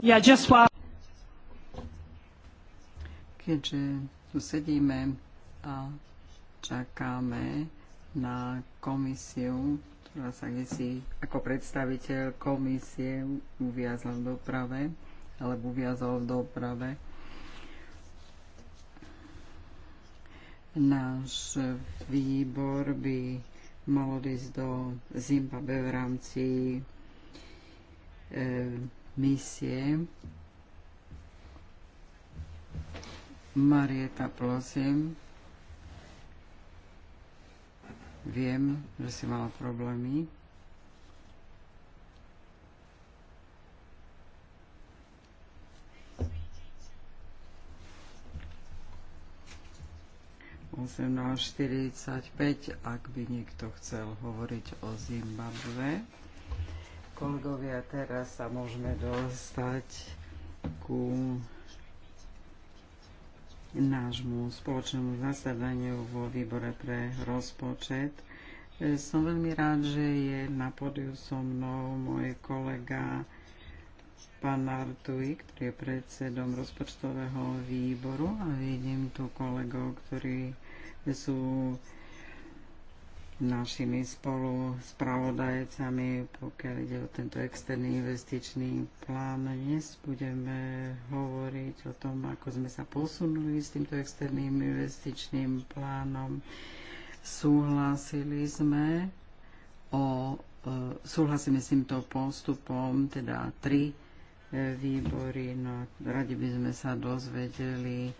Yeah, just Keďže tu sedíme a čakáme na komisiu, ktorá sa si ako predstaviteľ komisie uviazla v doprave, alebo uviazol v doprave. Náš výbor by malo ísť do Zimbabwe v rámci e, misie. Marieta, prosím. Viem, že si mala problémy. 18.45, ak by niekto chcel hovoriť o Zimbabve. Kolegovia, teraz sa môžeme dostať ku nášmu spoločnému zasadaniu vo výbore pre rozpočet. Som veľmi rád, že je na pódiu so mnou môj kolega pán Martuj, ktorý je predsedom rozpočtového výboru a vidím tu kolegov, ktorí sú našimi spolu spravodajcami, pokiaľ ide o tento externý investičný plán. Dnes budeme hovoriť o tom, ako sme sa posunuli s týmto externým investičným plánom. Súhlasili sme o e, súhlasíme s týmto postupom, teda tri výbory. No, radi by sme sa dozvedeli,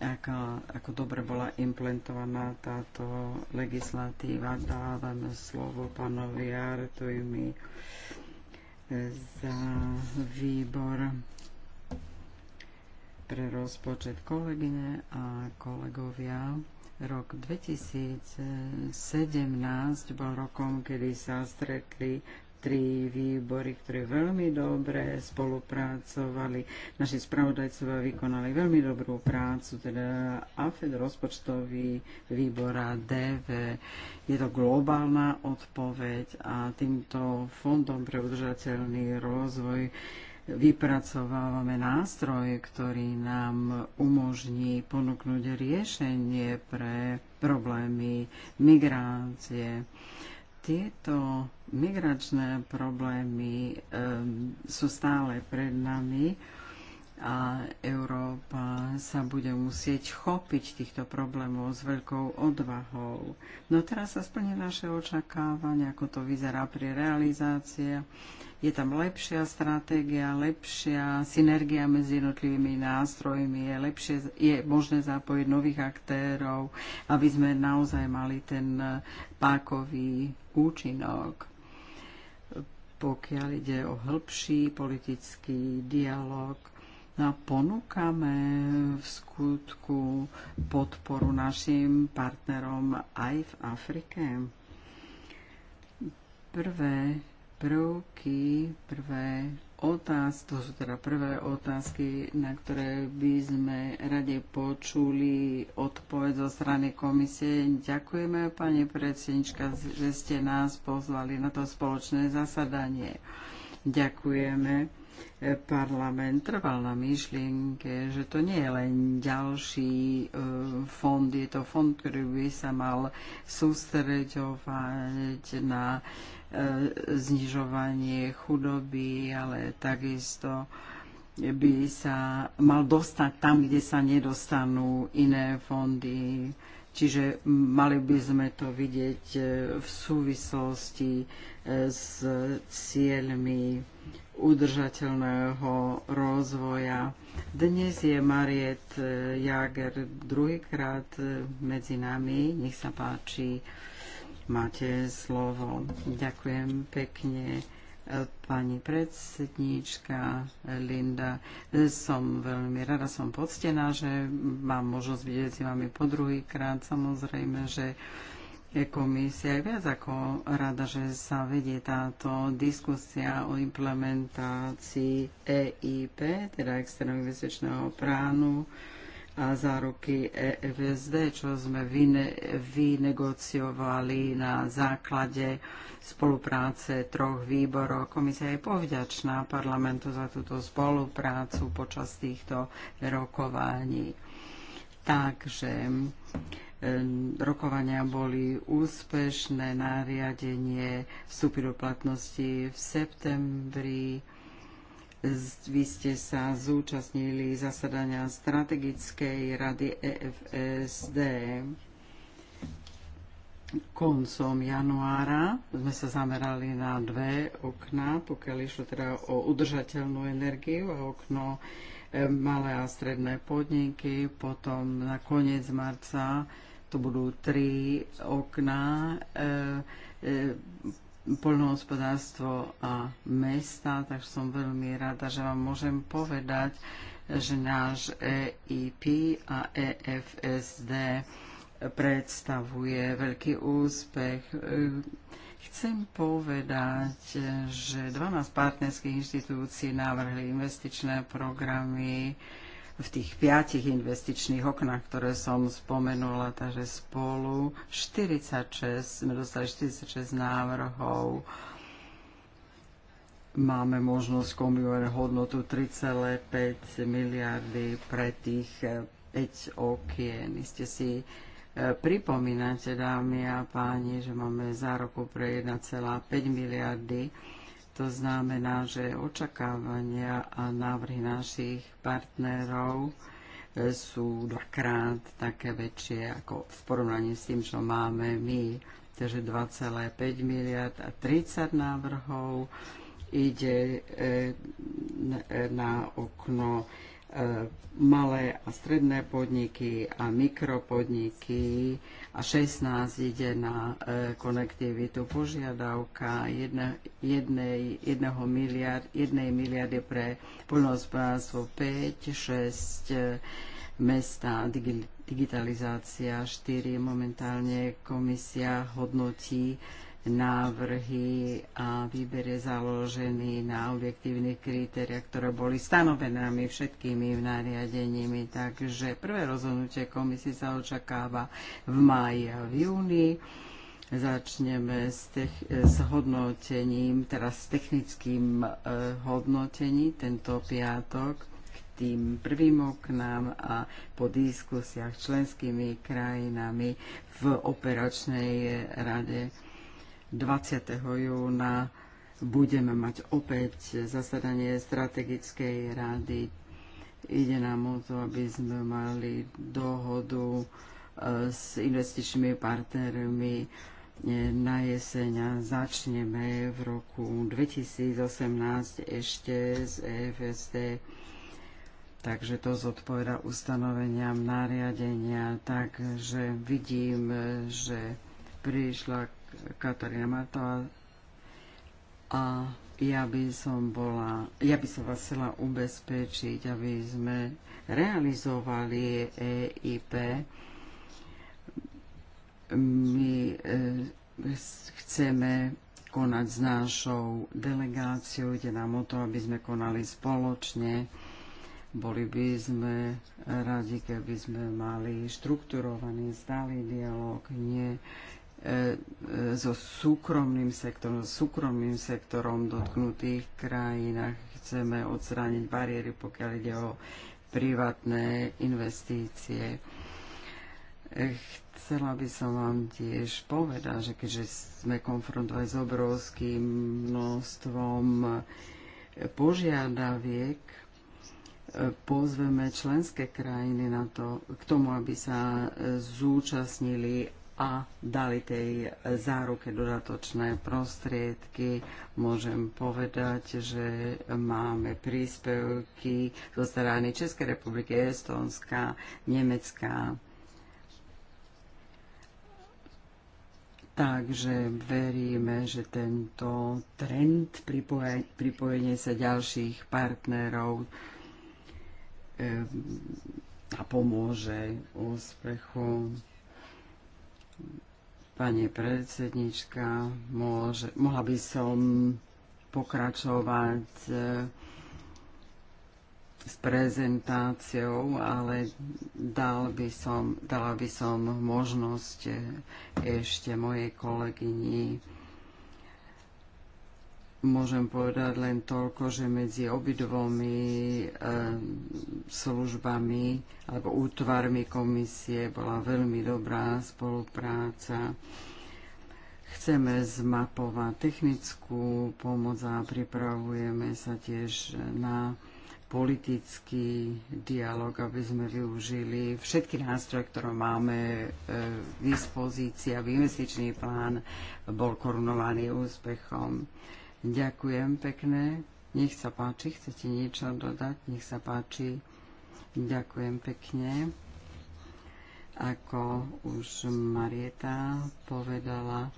ako, ako dobre bola implementovaná táto legislatíva. Dávame slovo pánovi Artujmi eh, za výbor pre rozpočet kolegyne a kolegovia. Rok 2017 bol rokom, kedy sa stretli tri výbory, ktoré veľmi dobre spolupracovali. Naši spravodajcovia vykonali veľmi dobrú prácu, teda AFED, rozpočtový výbor a DV. Je to globálna odpoveď a týmto fondom pre udržateľný rozvoj vypracovávame nástroj, ktorý nám umožní ponúknuť riešenie pre problémy migrácie. Tieto migračné problémy sú stále pred nami a Európa sa bude musieť chopiť týchto problémov s veľkou odvahou. No teraz sa splní naše očakávania, ako to vyzerá pri realizácii je tam lepšia stratégia, lepšia synergia medzi jednotlivými nástrojmi, je, lepšie, je možné zapojiť nových aktérov, aby sme naozaj mali ten pákový účinok pokiaľ ide o hĺbší politický dialog. No a ponúkame v skutku podporu našim partnerom aj v Afrike. Prvé prvky, prvé otázky, to sú teda prvé otázky, na ktoré by sme rade počuli odpoveď zo strany komisie. Ďakujeme, pani predsednička, že ste nás pozvali na to spoločné zasadanie. Ďakujeme parlament trval na myšlienke, že to nie je len ďalší e, fond, je to fond, ktorý by sa mal sústreďovať na E, znižovanie chudoby, ale takisto by sa mal dostať tam, kde sa nedostanú iné fondy. Čiže mali by sme to vidieť e, v súvislosti e, s cieľmi udržateľného rozvoja. Dnes je Mariet Jager druhýkrát medzi nami. Nech sa páči. Máte slovo. Ďakujem pekne e, pani predsedníčka Linda. Som veľmi rada, som poctená, že mám možnosť vidieť si vami po druhýkrát. Samozrejme, že komisia aj viac ako rada, že sa vedie táto diskusia o implementácii EIP, teda externého investičného plánu a záruky EFSD, čo sme vyne, vynegociovali na základe spolupráce troch výborov. Komisia je povďačná parlamentu za túto spoluprácu počas týchto rokovaní. Takže e, rokovania boli úspešné, nariadenie vstúpilo platnosti v septembri vy ste sa zúčastnili zasadania strategickej rady EFSD koncom januára. Sme sa zamerali na dve okna, pokiaľ išlo teda o udržateľnú energiu a okno e, malé a stredné podniky. Potom na koniec marca to budú tri okna. E, e, poľnohospodárstvo a mesta, tak som veľmi rada, že vám môžem povedať, že náš EIP a EFSD predstavuje veľký úspech. Chcem povedať, že 12 partnerských inštitúcií navrhli investičné programy v tých piatich investičných oknách, ktoré som spomenula, takže spolu 46, sme dostali 46 návrhov. Máme možnosť kombinovať hodnotu 3,5 miliardy pre tých 5 e, okien. Ste si e, pripomínate, dámy a páni, že máme zároku pre 1,5 miliardy to znamená, že očakávania a návrhy našich partnerov e, sú dvakrát také väčšie ako v porovnaní s tým, čo máme my. Takže 2,5 miliard a 30 návrhov ide e, e, na okno E, malé a stredné podniky a mikropodniky a 16 ide na e, konektivitu. Požiadavka jedne, jednej, jedného miliard, jednej miliardy pre poľnohospodárstvo 5, 6 e, mesta, digitalizácia 4. Momentálne komisia hodnotí návrhy a výbere založený na objektívnych kritériách, ktoré boli stanovené my všetkými nariadeními. Takže prvé rozhodnutie komisie sa očakáva v máji a v júni. Začneme s, tech- s hodnotením, teraz s technickým e, hodnotením tento piatok k tým prvým oknám a po diskusiách s členskými krajinami v operačnej rade 20. júna budeme mať opäť zasadanie strategickej rady. Ide nám o to, aby sme mali dohodu e, s investičnými partnermi e, na jeseň a začneme v roku 2018 ešte z EFSD. Takže to zodpoveda ustanoveniam nariadenia. Takže vidím, e, že prišla Katarína Martová. A ja by som bola, ja by som vás chcela ubezpečiť, aby sme realizovali EIP. My e, chceme konať s našou delegáciou, ide nám o to, aby sme konali spoločne. Boli by sme radi, keby sme mali štrukturovaný stály dialog, nie E, e, so súkromným sektorom, so súkromným sektorom dotknutých krajinách. Chceme odstrániť bariéry, pokiaľ ide o privátne investície. E, chcela by som vám tiež povedať, že keďže sme konfrontovali s obrovským množstvom požiadaviek, pozveme členské krajiny na to, k tomu, aby sa zúčastnili a dali tej záruke dodatočné prostriedky. Môžem povedať, že máme príspevky zo strany Českej republiky, Estónska, Nemecká. Takže veríme, že tento trend pripojenie, pripojenie sa ďalších partnerov a pomôže úspechu Pani predsednička, môže, mohla by som pokračovať e, s prezentáciou, ale dal by som, dala by som možnosť e, ešte mojej kolegyni môžem povedať len toľko, že medzi obidvomi eh, službami alebo útvarmi komisie bola veľmi dobrá spolupráca. Chceme zmapovať technickú pomoc a pripravujeme sa tiež na politický dialog, aby sme využili všetky nástroje, ktoré máme eh, v dispozícii, aby investičný plán bol korunovaný úspechom. Ďakujem pekne. Nech sa páči, chcete niečo dodať? Nech sa páči. Ďakujem pekne. Ako už Marieta povedala,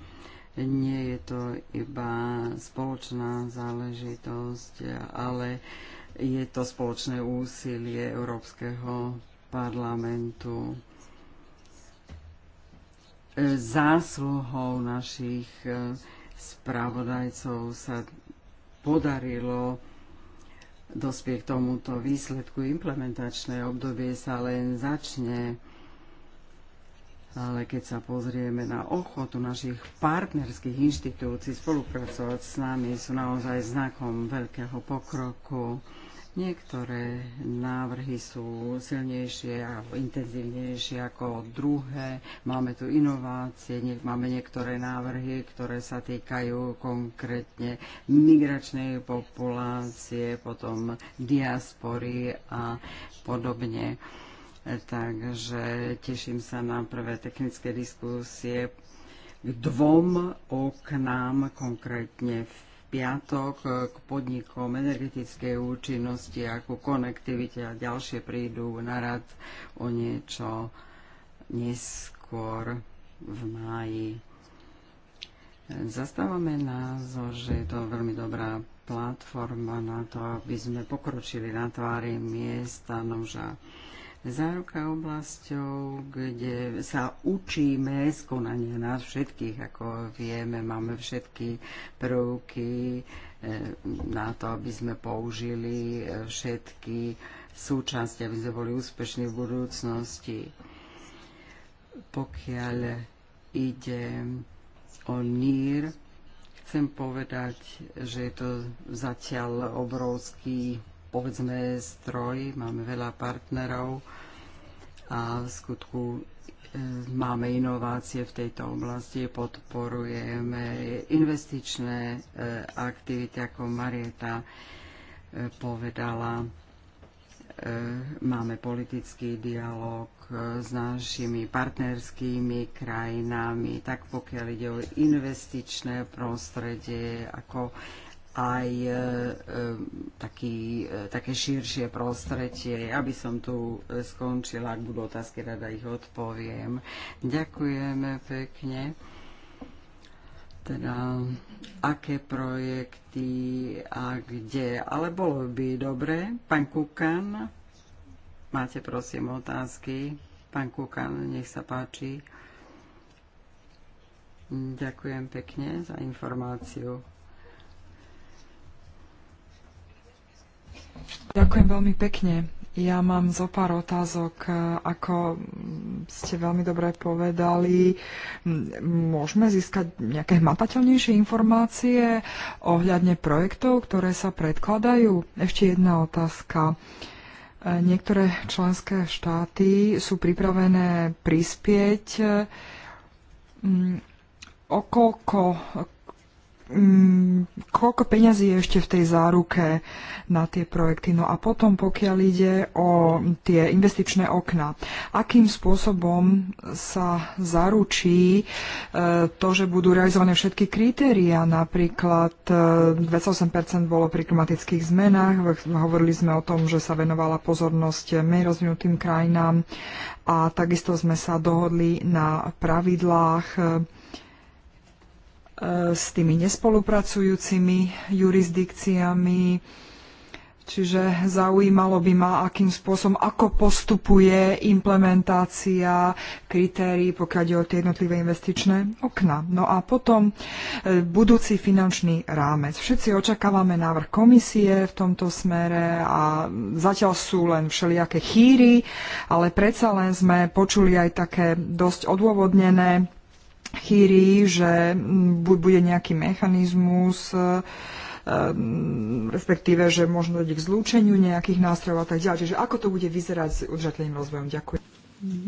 nie je to iba spoločná záležitosť, ale je to spoločné úsilie Európskeho parlamentu. Zásluhou našich spravodajcov sa podarilo dospieť k tomuto výsledku. Implementačné obdobie sa len začne, ale keď sa pozrieme na ochotu našich partnerských inštitúcií spolupracovať s nami, sú naozaj znakom veľkého pokroku. Niektoré návrhy sú silnejšie a intenzívnejšie ako druhé. Máme tu inovácie, máme niektoré návrhy, ktoré sa týkajú konkrétne migračnej populácie, potom diaspory a podobne. Takže teším sa na prvé technické diskusie k dvom oknám, konkrétne piatok e, k podnikom energetickej účinnosti a ku konektivite a ďalšie prídu na rad o niečo neskôr v máji. Zastávame názor, že je to veľmi dobrá platforma na to, aby sme pokročili na tvári miesta, nože záruka oblasťou, kde sa učíme skonanie nás všetkých, ako vieme, máme všetky prvky e, na to, aby sme použili e, všetky súčasti, aby sme boli úspešní v budúcnosti. Pokiaľ ide o NIR, chcem povedať, že je to zatiaľ obrovský povedzme stroj, máme veľa partnerov a v skutku e, máme inovácie v tejto oblasti, podporujeme investičné e, aktivity, ako Marieta e, povedala. Máme politický dialog s našimi partnerskými krajinami, tak pokiaľ ide o investičné prostredie, ako aj e, e, taký, e, také širšie prostredie. Aby som tu skončila, ak budú otázky, rada ich odpoviem. Ďakujeme pekne teda aké projekty a kde. Ale bolo by dobre. Pán Kukan, máte prosím otázky. Pán Kukan, nech sa páči. Ďakujem pekne za informáciu. Ďakujem veľmi pekne. Ja mám zo pár otázok. E, ako ste veľmi dobre povedali, môžeme získať nejaké hmatateľnejšie informácie ohľadne projektov, ktoré sa predkladajú? Ešte jedna otázka. E, niektoré členské štáty sú pripravené prispieť. o koľko, mm, koľko peňazí je ešte v tej záruke na tie projekty. No a potom, pokiaľ ide o tie investičné okna, akým spôsobom sa zaručí e, to, že budú realizované všetky kritéria, napríklad e, 28% bolo pri klimatických zmenách, hovorili sme o tom, že sa venovala pozornosť menej rozvinutým krajinám a takisto sme sa dohodli na pravidlách e, E, s tými nespolupracujúcimi jurisdikciami. Čiže zaujímalo by ma, akým spôsobom, ako postupuje implementácia kritérií, pokiaľ ide o tie jednotlivé investičné okna. No a potom e, budúci finančný rámec. Všetci očakávame návrh komisie v tomto smere a zatiaľ sú len všelijaké chýry, ale predsa len sme počuli aj také dosť odôvodnené chýri, že bude nejaký mechanizmus, e, e, respektíve, že možno dojde k zlúčeniu nejakých nástrojov a tak ďalej. Čiže ako to bude vyzerať s udržateľným rozvojom? Ďakujem.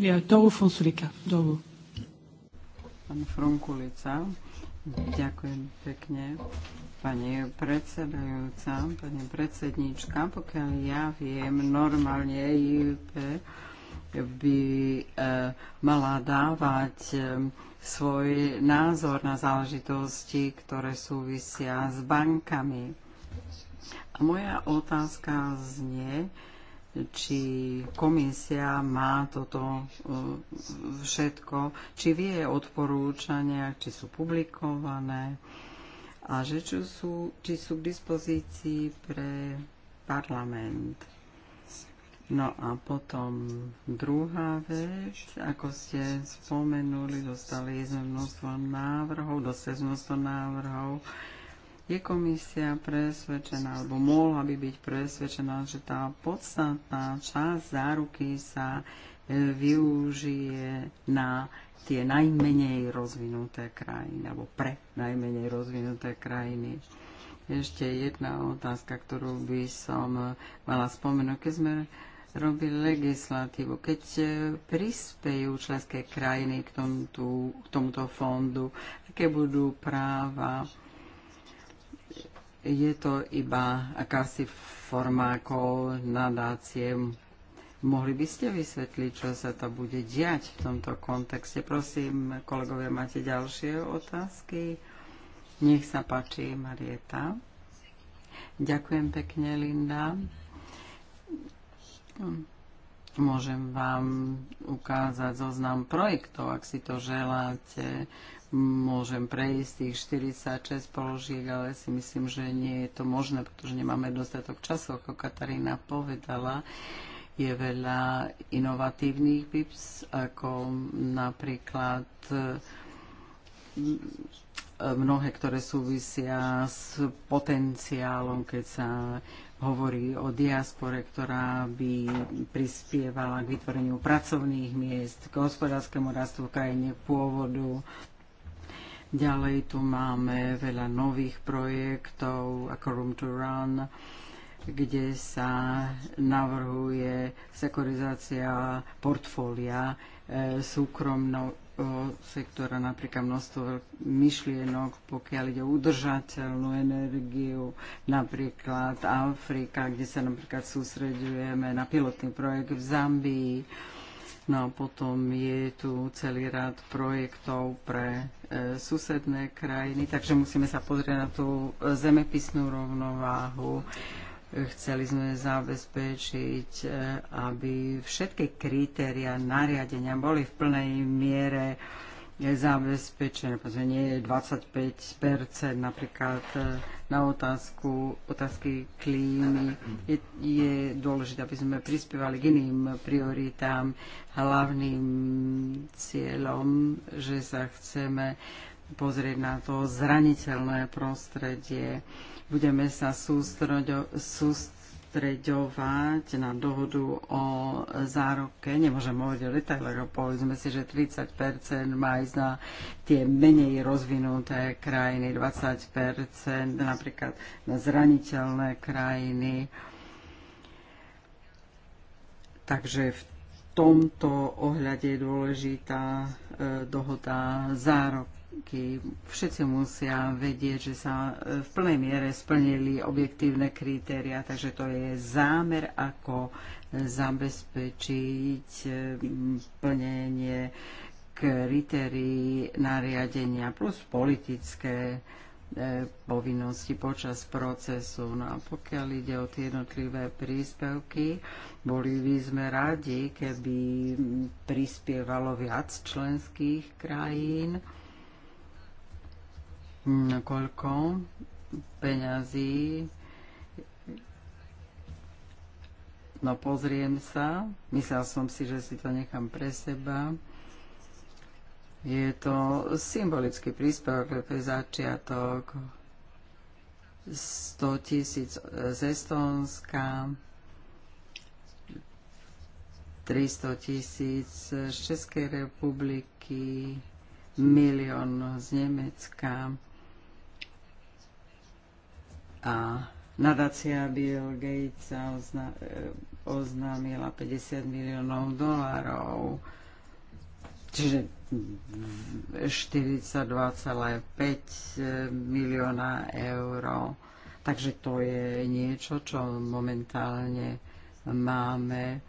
Ja, Dovu Fonsulika. Dovu. Pán Frunkulica. Ďakujem pekne. Pani predsedajúca, pani predsednička, pokiaľ ja viem, normálne e IP by e, mala dávať e, svoj názor na záležitosti, ktoré súvisia s bankami. A moja otázka znie, či komisia má toto e, všetko, či vie odporúčania, či sú publikované a že či sú, či sú k dispozícii pre parlament. No a potom druhá vec, ako ste spomenuli, dostali sme množstvo návrhov, dostali sme množstvo návrhov. Je komisia presvedčená, alebo mohla by byť presvedčená, že tá podstatná časť záruky sa e, využije na tie najmenej rozvinuté krajiny, alebo pre najmenej rozvinuté krajiny. Ešte jedna otázka, ktorú by som e, mala spomenúť. Keď sme robili legislatívu. Keď e, prispejú členské krajiny k tomuto, k tomuto fondu, aké budú práva? Je to iba akási forma ako nadácie. Mohli by ste vysvetliť, čo sa to bude diať v tomto kontexte? Prosím, kolegovia, máte ďalšie otázky? Nech sa páči, Marieta. Ďakujem pekne, Linda. Hm. Môžem vám ukázať zoznam projektov, ak si to želáte. Môžem prejsť tých 46 položiek, ale si myslím, že nie je to možné, pretože nemáme dostatok času, ako Katarína povedala. Je veľa inovatívnych BIPs, ako napríklad hm, mnohé, ktoré súvisia s potenciálom, keď sa hovorí o diaspore, ktorá by prispievala k vytvoreniu pracovných miest, k hospodárskému rastu v krajine pôvodu. Ďalej tu máme veľa nových projektov ako Room to Run, kde sa navrhuje sekurizácia portfólia eh, súkromnou sektora, napríklad množstvo myšlienok, pokiaľ ide o udržateľnú energiu, napríklad Afrika, kde sa napríklad sústredujeme na pilotný projekt v Zambii. No a potom je tu celý rád projektov pre e, susedné krajiny, takže musíme sa pozrieť na tú e, zemepisnú rovnováhu. E, Chceli sme zabezpečiť, e, aby všetky kritéria nariadenia boli v plnej miere zabezpečené. Pozme, nie je 25 napríklad e, na otázku, otázky klímy. Je, je dôležité, aby sme prispievali k iným prioritám. Hlavným cieľom, že sa chceme pozrieť na to zraniteľné prostredie. Budeme sa sústreďovať na dohodu o zároke. Nemôžem hovoriť o detailoch, povedzme si, že 30 má ísť na tie menej rozvinuté krajiny, 20 napríklad na zraniteľné krajiny. Takže v tomto ohľade je dôležitá e, dohoda zárok podmienky. všetci musia vedieť, že sa e, v plnej miere splnili objektívne kritéria, takže to je zámer, ako e, zabezpečiť e, plnenie kritérií nariadenia plus politické povinnosti počas procesu. No a pokiaľ ide o tie jednotlivé príspevky, boli by sme radi, keby prispievalo viac členských krajín koľko peňazí. No pozriem sa, myslel som si, že si to nechám pre seba. Je to symbolický príspevok, to je začiatok 100 tisíc z Estónska, 300 tisíc z Českej republiky, milión z Nemecka a nadácia Bill Gates ozna, eh, oznámila 50 miliónov dolárov, čiže 42,5 eh, milióna eur. Takže to je niečo, čo momentálne máme,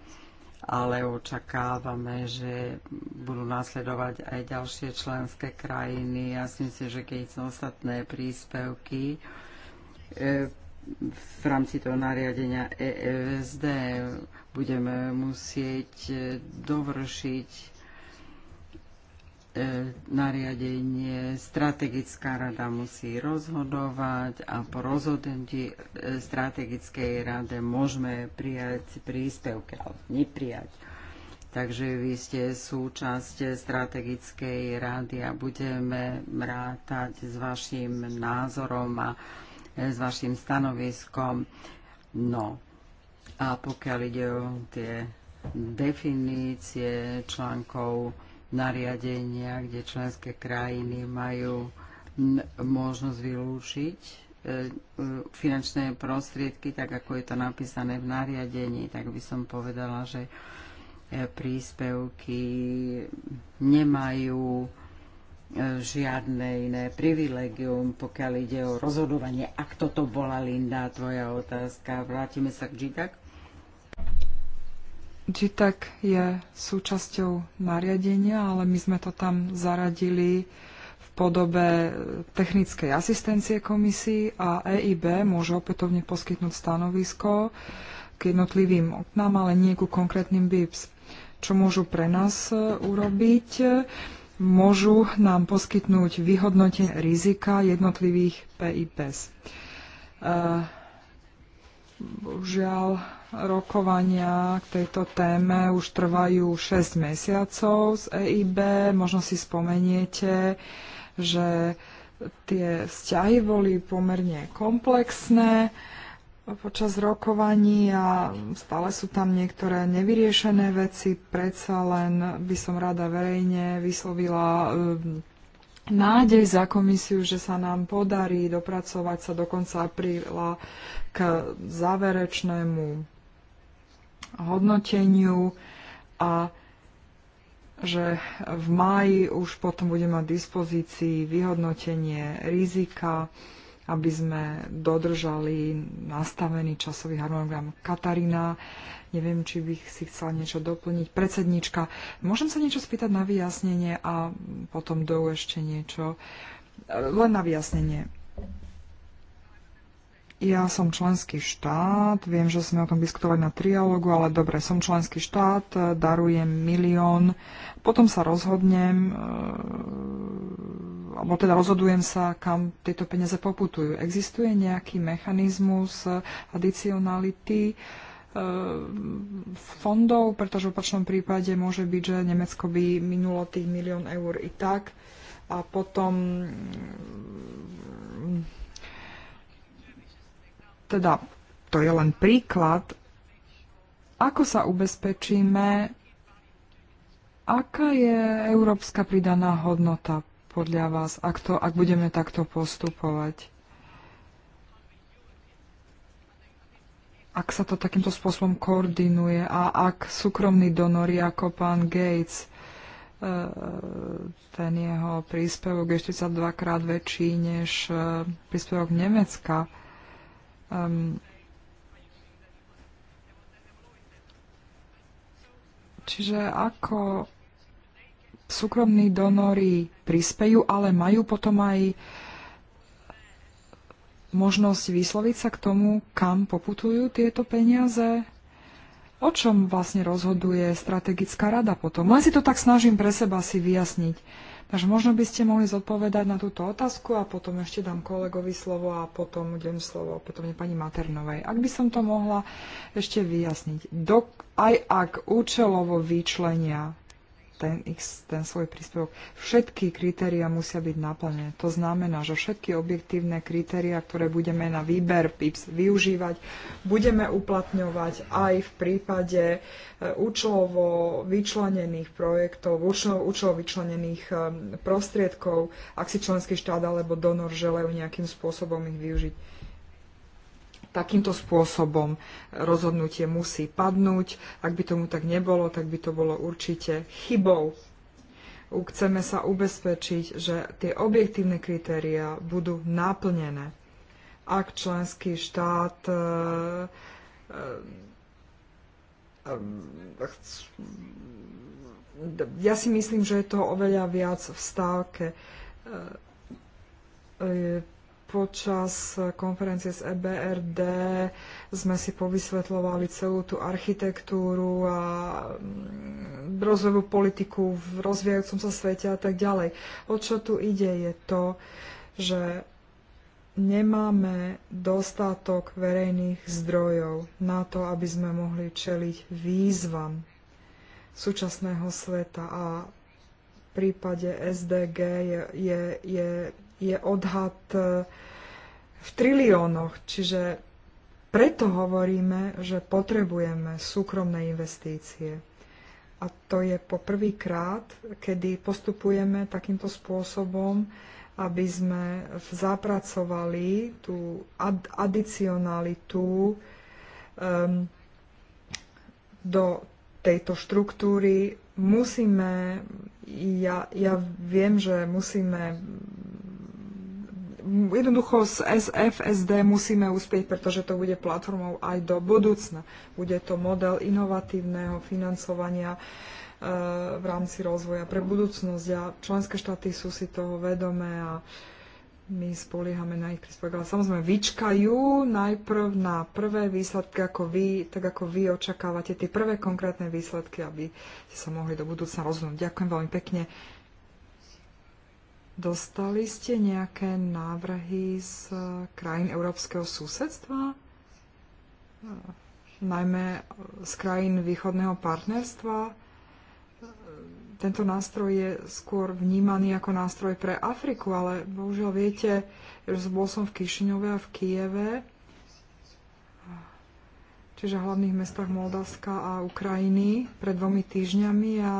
ale očakávame, že budú následovať aj ďalšie členské krajiny. Ja si myslím, že keď sú ostatné príspevky, E, v rámci toho nariadenia ESD budeme musieť e, dovršiť e, nariadenie, strategická rada musí rozhodovať a po rozhodnutí strategickej rade môžeme prijať príspevky alebo neprijať. Takže vy ste súčasť strategickej rady a budeme rátať s vašim názorom a s vašim stanoviskom. No a pokiaľ ide o tie definície článkov nariadenia, kde členské krajiny majú možnosť vylúčiť e, e, finančné prostriedky, tak ako je to napísané v nariadení, tak by som povedala, že e, príspevky nemajú žiadne iné privilegium, pokiaľ ide o rozhodovanie. Ak toto bola, Linda, tvoja otázka, vrátime sa k GTAC? GTAC je súčasťou nariadenia, ale my sme to tam zaradili v podobe technickej asistencie komisii a EIB môže opätovne poskytnúť stanovisko k jednotlivým oknám, ale nie ku konkrétnym BIPs. Čo môžu pre nás e, urobiť? môžu nám poskytnúť vyhodnotenie rizika jednotlivých PIPs. Bohužiaľ, eh, rokovania k tejto téme už trvajú 6 mesiacov z EIB. Možno si spomeniete, že tie vzťahy boli pomerne komplexné počas rokovaní a stále sú tam niektoré nevyriešené veci. Predsa len by som rada verejne vyslovila um, nádej za komisiu, že sa nám podarí dopracovať sa do konca apríla k záverečnému hodnoteniu a že v máji už potom budeme mať dispozícii vyhodnotenie rizika aby sme dodržali nastavený časový harmonogram. Katarína, neviem, či by si chcela niečo doplniť. Predsednička, môžem sa niečo spýtať na vyjasnenie a potom do ešte niečo. Len na vyjasnenie. Ja som členský štát, viem, že sme o tom diskutovali na trialógu, ale dobre, som členský štát, darujem milión, potom sa rozhodnem, eh, alebo teda rozhodujem sa, kam tieto peniaze poputujú. Existuje nejaký mechanizmus adicionality eh, fondov, pretože v opačnom prípade môže byť, že Nemecko by minulo tých milión eur i tak a potom teda to je len príklad, ako sa ubezpečíme, aká je európska pridaná hodnota podľa vás, ak, to, ak budeme takto postupovať. ak sa to takýmto spôsobom koordinuje a ak súkromní donory ako pán Gates, e, ten jeho príspevok je 42 krát väčší než e, príspevok Nemecka, Um, čiže ako súkromní donory prispejú, ale majú potom aj možnosť vysloviť sa k tomu, kam poputujú tieto peniaze? O čom vlastne rozhoduje strategická rada potom? Len si to tak snažím pre seba si vyjasniť. Takže možno by ste mohli zodpovedať na túto otázku a potom ešte dám kolegovi slovo a potom idem slovo opätovne pani Maternovej. Ak by som to mohla ešte vyjasniť, dok, aj ak účelovo vyčlenia ten, ich, ten svoj príspevok. Všetky kritéria musia byť naplnené. To znamená, že všetky objektívne kritéria, ktoré budeme na výber PIPS využívať, budeme uplatňovať aj v prípade e, účelovo vyčlenených projektov, účelovo vyčlenených e, prostriedkov, ak si členský štát alebo donor želajú nejakým spôsobom ich využiť takýmto spôsobom rozhodnutie musí padnúť. Ak by tomu tak nebolo, tak by to bolo určite chybou. Chceme sa ubezpečiť, že tie objektívne kritériá budú naplnené. Ak členský štát e, e, e, ja si myslím, že je to oveľa viac v stávke. Počas konferencie z EBRD sme si povysvetľovali celú tú architektúru a mm, rozvojovú politiku v rozvíjajúcom sa svete a tak ďalej. O čo tu ide je to, že nemáme dostatok verejných zdrojov na to, aby sme mohli čeliť výzvam súčasného sveta a v prípade SDG je, je, je je odhad e, v triliónoch, čiže preto hovoríme, že potrebujeme súkromné investície. A to je po krát, kedy postupujeme takýmto spôsobom, aby sme zapracovali tú ad- adicionalitu um, do tejto štruktúry. Musíme, ja, ja viem, že musíme jednoducho z SFSD musíme uspieť, pretože to bude platformou aj do budúcna. Bude to model inovatívneho financovania e, v rámci rozvoja pre budúcnosť a členské štáty sú si toho vedomé a my spoliehame na ich príspevok. Ale samozrejme, vyčkajú najprv na prvé výsledky, ako vy, tak ako vy očakávate tie prvé konkrétne výsledky, aby ste sa mohli do budúcna rozhodnúť. Ďakujem veľmi pekne Dostali ste nejaké návrhy z krajín európskeho susedstva? Najmä z krajín východného partnerstva? Tento nástroj je skôr vnímaný ako nástroj pre Afriku, ale bohužiaľ viete, že bol som v Kišiňove a v Kieve, čiže v hlavných mestách Moldavska a Ukrajiny pred dvomi týždňami a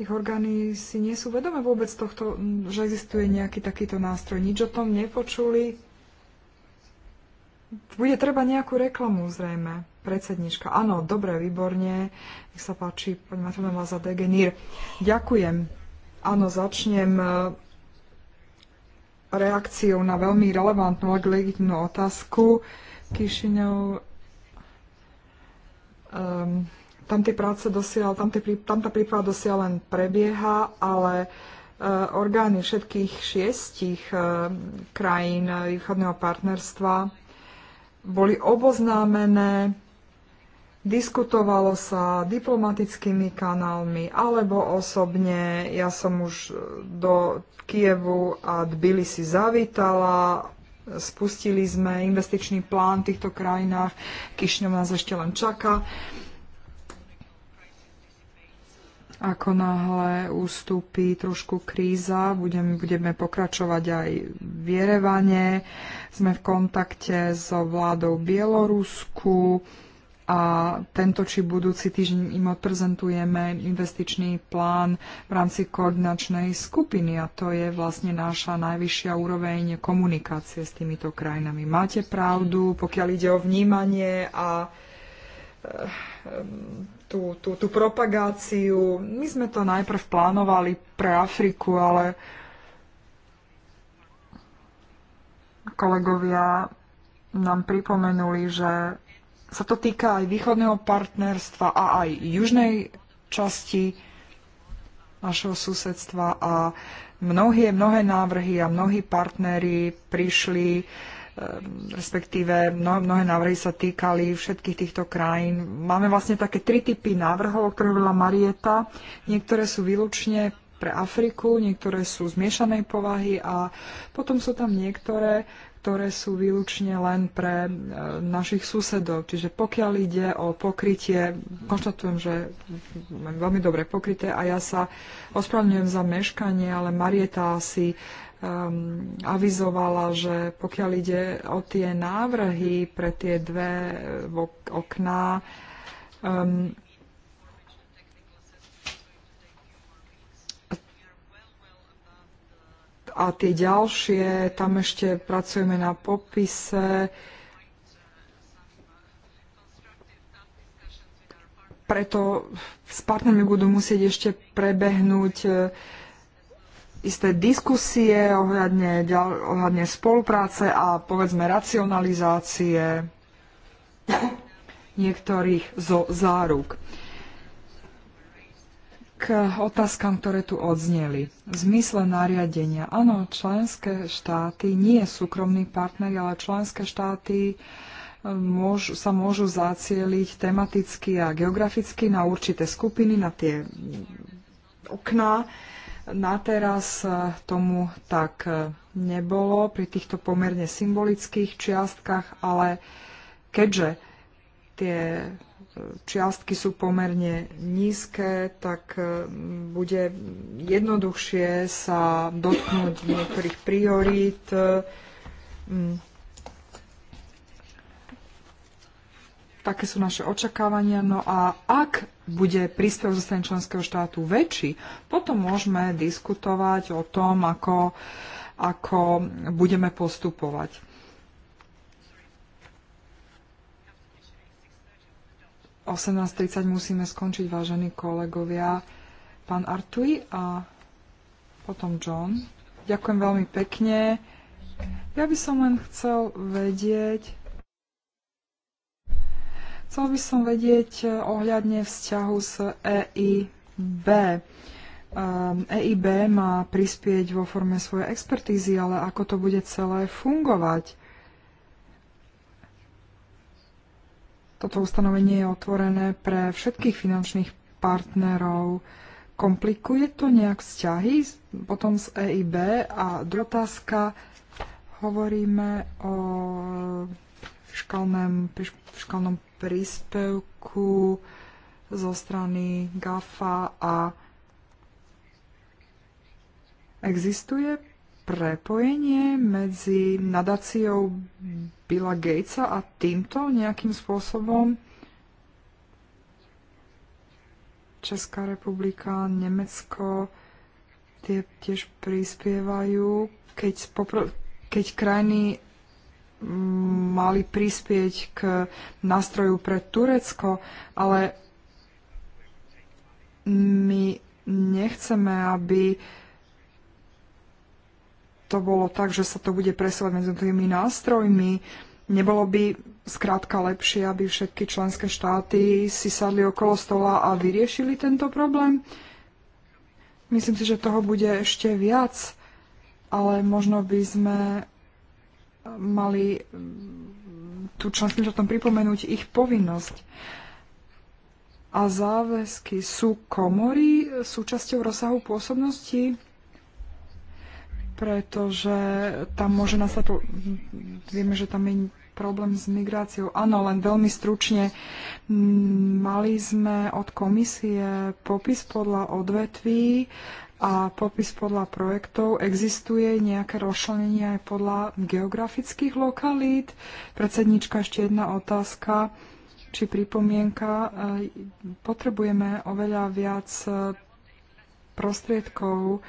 ich orgány si nie sú vedomé vôbec tohto, že existuje nejaký takýto nástroj. Nič o tom nepočuli. Bude treba nejakú reklamu zrejme. Predsednička. Áno, dobre, výborne. Nech sa páči, na vás za Degenír. Ďakujem. Áno, začnem e, reakciou na veľmi relevantnú a legitimnú otázku. Kišiňov um, tam, tie práce dosiaľ, tam, tie, tam tá príprava dosiaľ len prebieha, ale e, orgány všetkých šiestich e, krajín e, východného partnerstva boli oboznámené, diskutovalo sa diplomatickými kanálmi alebo osobne. Ja som už do Kievu a Tbilisi zavítala, spustili sme investičný plán v týchto krajinách, Kišňov nás ešte len čaká. Ako náhle ustúpi trošku kríza, budem, budeme pokračovať aj v Jerevane. Sme v kontakte so vládou Bielorusku a tento či budúci týždeň im odprezentujeme investičný plán v rámci koordinačnej skupiny a to je vlastne naša najvyššia úroveň komunikácie s týmito krajinami. Máte pravdu, pokiaľ ide o vnímanie a tú, tú, tú propagáciu. My sme to najprv plánovali pre Afriku, ale kolegovia nám pripomenuli, že sa to týka aj východného partnerstva a aj južnej časti našeho susedstva a mnohé, mnohé návrhy a mnohí partnery prišli uh, Ehm, respektíve mnohé, mnohé návrhy sa týkali všetkých týchto krajín. Máme vlastne také tri typy návrhov, o ktorých hovorila Marieta. Niektoré sú výlučne pre Afriku, niektoré sú zmiešanej povahy a potom sú tam niektoré, ktoré sú výlučne len pre e, našich susedov. Čiže pokiaľ ide o pokrytie, konštatujem, že máme veľmi dobre pokryté a ja sa ospravňujem za meškanie, ale Marieta si um, avizovala, že pokiaľ ide o tie návrhy pre tie dve eh, okná, um, a tie ďalšie, tam ešte pracujeme na popise. Preto s partnermi budú musieť ešte prebehnúť uh, isté diskusie ohľadne, ohľadne spolupráce a povedzme racionalizácie niektorých zo záruk. K otázkam, ktoré tu odzneli. V zmysle nariadenia. Áno, členské štáty nie je súkromný partner, ale členské štáty e, môžu, sa môžu zacieliť tematicky a geograficky na určité skupiny, na tie okná na teraz e, tomu tak e, nebolo pri týchto pomerne symbolických čiastkách, ale keďže tie e, čiastky sú pomerne nízke, tak bude jednoduchšie sa dotknúť niektorých priorít také sú naše očakávania. No a ak bude príspevok zo strany členského štátu väčší, potom môžeme diskutovať o tom, ako, ako budeme postupovať. O 18.30 musíme skončiť, vážení kolegovia. Pán Artui a potom John. Ďakujem veľmi pekne. Ja by som len chcel vedieť, Chcel by som vedieť e, ohľadne vzťahu s EIB. EIB ehm, e má prispieť vo forme svojej expertízy, ale ako to bude celé fungovať? Toto ustanovenie je otvorené pre všetkých finančných partnerov. Komplikuje to nejak vzťahy potom s EIB? A drotázka, hovoríme o škálnom príspevku zo strany GAFA a existuje prepojenie medzi nadáciou Billa Gatesa a týmto nejakým spôsobom? Česká republika, Nemecko, tie tiež prispievajú, keď, popr- keď krajiny mm, mali prispieť k nástroju pre Turecko, ale my nechceme, aby to bolo tak, že sa to bude presovať medzi tými nástrojmi. Nebolo by zkrátka lepšie, aby všetky členské štáty si sadli okolo stola a vyriešili tento problém? Myslím si, že toho bude ešte viac, ale možno by sme mali mm, tu členským štátom pripomenúť ich povinnosť. A záväzky sú komory súčasťou rozsahu pôsobnosti, pretože tam môže nastať, vieme, že tam je problém s migráciou. Áno, len veľmi stručne. Mali sme od komisie popis podľa odvetví a popis podľa projektov. Existuje nejaké rozšlenenie aj podľa geografických lokalít? Predsednička, ešte jedna otázka či pripomienka. E, potrebujeme oveľa viac e, prostriedkov,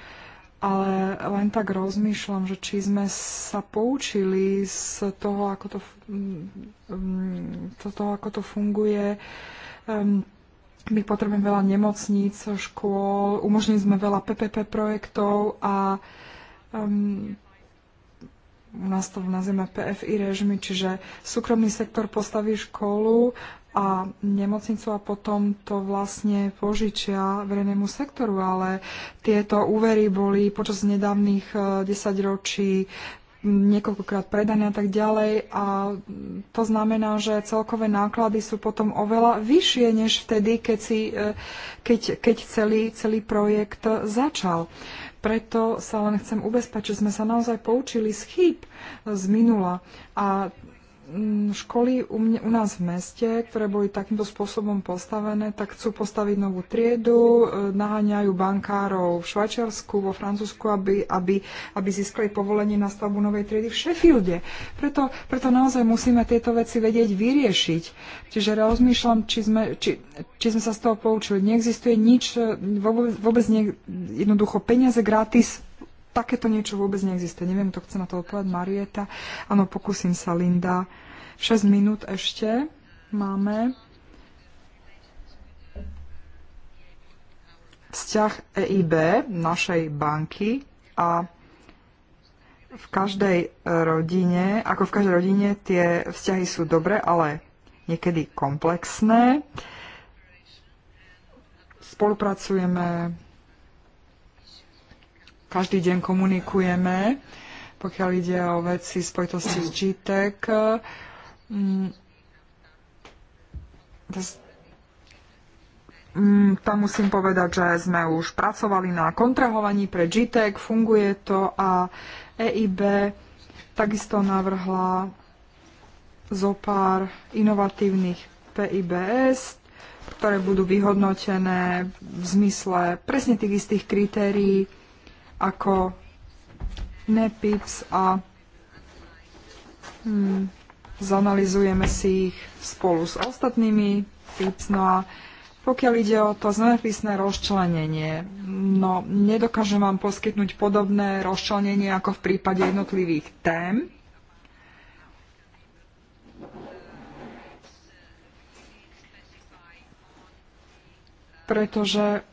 ale len tak rozmýšľam, že či sme sa poučili z toho, ako to, z toho, ako to funguje. Ehm, my potrebujeme veľa nemocníc, škôl, umožnili sme veľa PPP projektov a um, u nás to nazývame PFI režimy, čiže súkromný sektor postaví školu a nemocnicu a potom to vlastne požičia verejnému sektoru, ale tieto úvery boli počas nedávnych 10 uh, ročí niekoľkokrát predané a tak ďalej. A to znamená, že celkové náklady sú potom oveľa vyššie než vtedy, keď, si, e, keď, keď celý, celý projekt začal. Preto sa len chcem ubezpečiť, že sme sa naozaj poučili z chýb z minula. A Mm, školy u, mne, u nás v meste, ktoré boli takýmto spôsobom postavené, tak chcú postaviť novú triedu, e, naháňajú bankárov v Švajčiarsku, vo Francúzsku, aby, aby, aby získali povolenie na stavbu novej triedy v Sheffielde. Preto, preto naozaj musíme tieto veci vedieť vyriešiť. Čiže rozmýšľam, či sme, či, či sme sa z toho poučili. Neexistuje nič, e, vôbec, vôbec nie, jednoducho peniaze gratis takéto niečo vôbec neexistuje. Neviem, kto chce na to odpovedať. Marieta. Áno, pokúsim sa, Linda. 6 minút ešte máme. Vzťah EIB, našej banky a v každej rodine, ako v každej rodine, tie vzťahy sú dobré, ale niekedy komplexné. Spolupracujeme každý deň komunikujeme, pokiaľ ide o veci spojitosti s GTEC. Mm. Mm, tam musím povedať, že sme už pracovali na kontrahovaní pre GTEC, funguje to a EIB takisto navrhla zo pár inovatívnych PIBS, ktoré budú vyhodnotené v zmysle presne tých istých kritérií, ako NEPIPS a hmm, zanalizujeme si ich spolu s ostatnými PIPS. No a pokiaľ ide o to zemepisné rozčlenenie, no nedokážem vám poskytnúť podobné rozčlenenie ako v prípade jednotlivých tém. pretože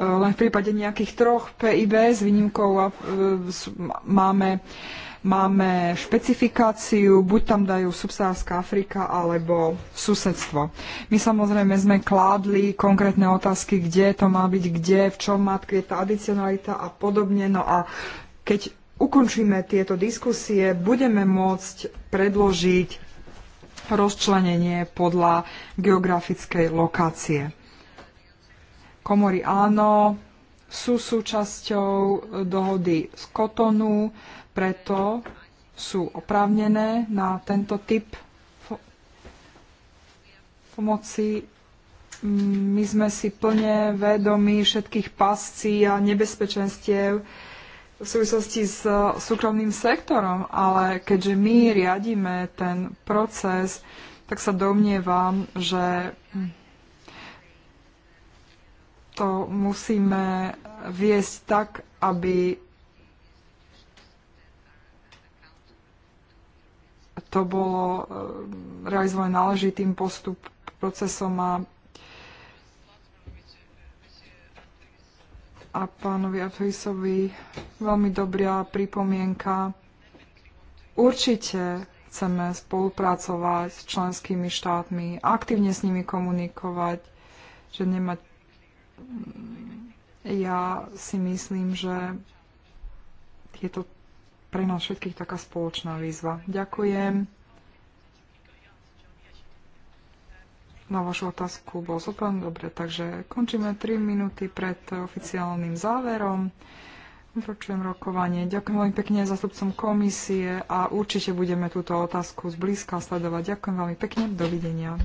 len v prípade nejakých troch PIB s výnimkou e, máme, máme špecifikáciu, buď tam dajú subsahárska Afrika alebo susedstvo. My samozrejme sme kládli konkrétne otázky, kde to má byť, kde, v čom má je tá adicionalita a podobne. No a keď ukončíme tieto diskusie, budeme môcť predložiť rozčlenenie podľa geografickej lokácie. Komory áno, sú súčasťou dohody z Kotonu, preto sú oprávnené na tento typ pomoci my sme si plne vedomi všetkých pascí a nebezpečenstiev v súvislosti s súkromným sektorom, ale keďže my riadíme ten proces, tak sa domnievam, že to musíme viesť tak, aby to bolo eh, realizované náležitým postup procesom a a pánovi Atoisovi veľmi dobrá pripomienka. Určite chceme spolupracovať s členskými štátmi, aktívne s nimi komunikovať, že nemať ja si myslím, že je to pre nás všetkých taká spoločná výzva. Ďakujem. Na vašu otázku bol zopan. Dobre, takže končíme 3 minúty pred oficiálnym záverom. Vročujem rokovanie. Ďakujem veľmi pekne zastupcom komisie a určite budeme túto otázku zblízka sledovať. Ďakujem veľmi pekne. Dovidenia.